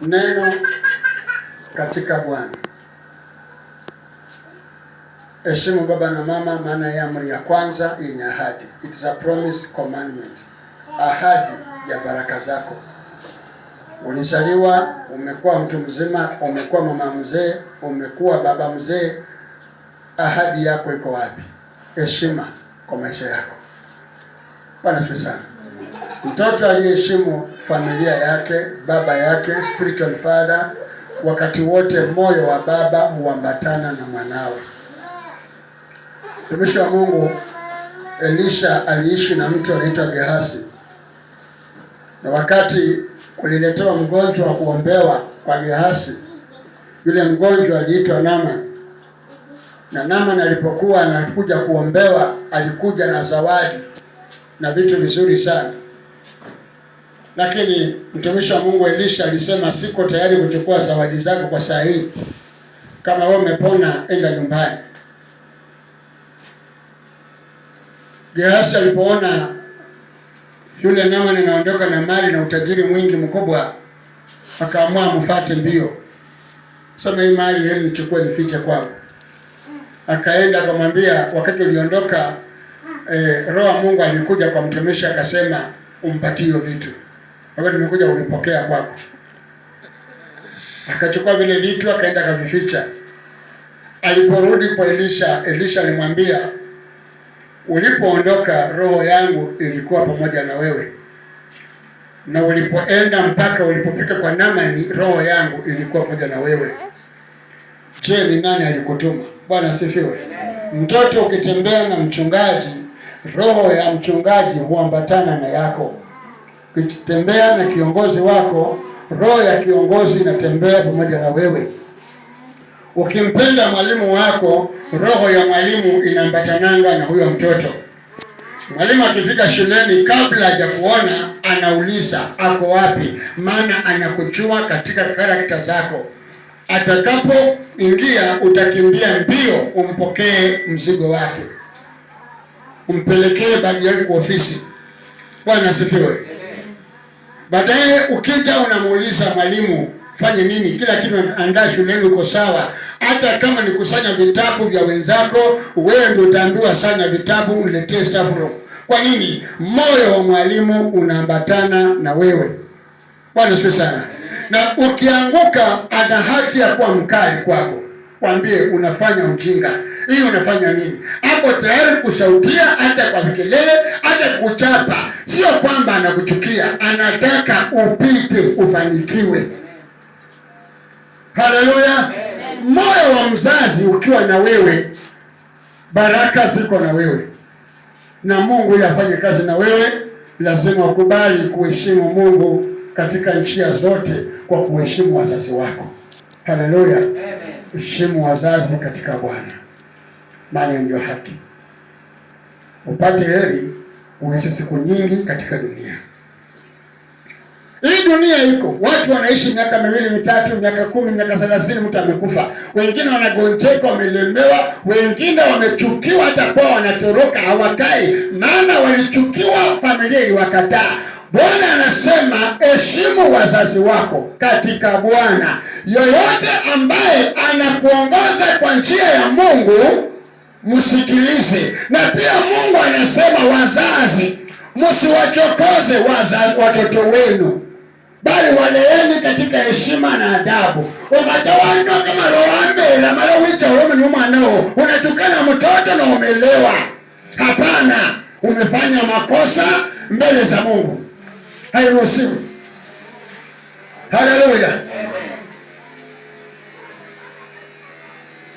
Neno katika Bwana. Heshimu baba na mama, maana ya amri ya kwanza yenye ahadi. It is a promise commandment, ahadi ya baraka zako. Ulizaliwa, umekuwa mtu mzima, umekuwa mama mzee, umekuwa baba mzee, ahadi yako iko wapi? Heshima kwa maisha yako. Bwana sana. Mtoto aliyeheshimu familia yake, baba yake, spiritual father, wakati wote moyo wa baba huambatana na mwanawe. Mtumishi wa Mungu Elisha aliishi na mtu anaitwa Gehasi, na wakati kuliletewa mgonjwa wa kuombewa kwa Gehasi, yule mgonjwa aliitwa Nama na naman alipokuwa anakuja kuombewa alikuja na zawadi na vitu vizuri sana. Lakini mtumishi wa Mungu Elisha alisema, siko tayari kuchukua zawadi zako kwa saa hii, kama wewe umepona, enda nyumbani. Gehazi alipoona yule nama anaondoka na mali na utajiri mwingi mkubwa, akaamua mfate mbio, sema hii mali yenu nichukue, nifiche kwangu. Akaenda akamwambia, wakati uliondoka, eh, roho Mungu alikuja kwa mtumishi akasema umpatie vitu. Wewe nimekuja kumpokea kwako. Akachukua vile vitu akaenda akavificha. Aliporudi kwa Elisha, Elisha alimwambia, ulipoondoka roho yangu ilikuwa pamoja na wewe, na ulipoenda mpaka ulipofika kwa namani roho yangu ilikuwa pamoja na wewe. Je, ni nani alikutuma? Bwana sifiwe Mtoto ukitembea na mchungaji, roho ya mchungaji huambatana na yako kitembea na kiongozi wako, roho ya kiongozi inatembea pamoja na wewe. Ukimpenda mwalimu wako, roho ya mwalimu inaambatananga na huyo mtoto. Mwalimu akifika shuleni, kabla hajakuona anauliza ako wapi, maana anakuchua katika karakta zako. Atakapoingia utakimbia mbio umpokee mzigo wake, umpelekee bagi yake kwa ofisi. Bwana asifiwe. Baadaye ukija unamuuliza mwalimu, fanye nini? Kila kitu andaa shuleni, uko sawa. Hata kama ni kusanya vitabu vya wenzako, wewe ndio utaambiwa sanya vitabu, mletee stafuro. Kwa nini? Moyo wa mwalimu unaambatana na wewe. Bwana sana. Na ukianguka, ana haki ya kuwa mkali kwako wambie unafanya ujinga, hii unafanya nini? Hapo tayari kushautia, hata kwa vikelele, hata kuchapa. Sio kwamba anakuchukia, anataka upite, ufanikiwe. Haleluya! Moyo wa mzazi ukiwa na wewe, baraka ziko na wewe, na Mungu ili afanye kazi na wewe, lazima ukubali kuheshimu Mungu katika njia zote, kwa kuheshimu wazazi wako. Haleluya! heshimu wazazi katika Bwana, maana ndio haki, upate heri uishi siku nyingi katika dunia hii. Dunia iko watu wanaishi miaka miwili mitatu, miaka kumi, miaka thelathini, mtu amekufa. Wengine wanagonjeka, wamelemewa, wengine wamechukiwa, hata kwa wanatoroka hawakai, maana walichukiwa, familia iliwakataa. Bwana anasema heshimu wazazi wako katika Bwana Yoyote ambaye anakuongoza kwa njia ya Mungu msikilize. Na pia Mungu anasema, wazazi msiwachokoze watoto wenu, bali waleeni katika heshima na adabu. umatawano kama lowambela mala ni umwanao unatukana mtoto na umelewa. Hapana, umefanya makosa mbele za Mungu, hairuhusiwi. Haleluya.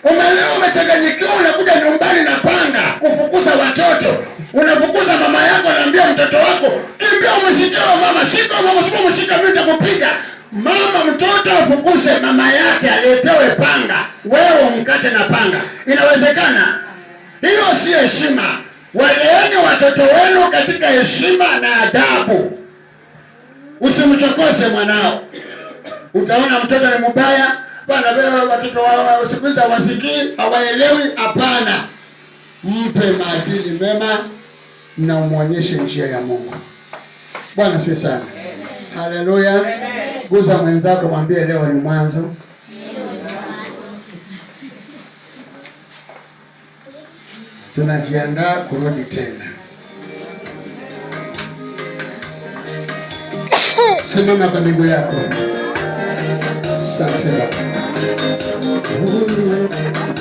Umeleo umechanganyikiwa, unakuja nyumbani na panga kufukuza watoto, unafukuza mama yako, anaambia mtoto wako kimbia, umeshikiwa mama, shika mama, sipo mshika, mimi nitakupiga mama. Mtoto afukuze mama yake aletewe panga, wewe umkate na panga, inawezekana? Hiyo si heshima. Waleeni watoto wenu katika heshima na adabu, usimchokoze mwanao. Utaona mtoto ni mbaya bwana wewe, watoto wao siku hizi hawasikii, hawaelewi. Hapana, mpe maadili mema na umwonyeshe njia ya Mungu. Bwana asifiwe sana, haleluya. Guza mwenzako, mwambie leo ni mwanzo tunajiandaa kurudi tena. Simama kwa miguu yako. Santa. Oh,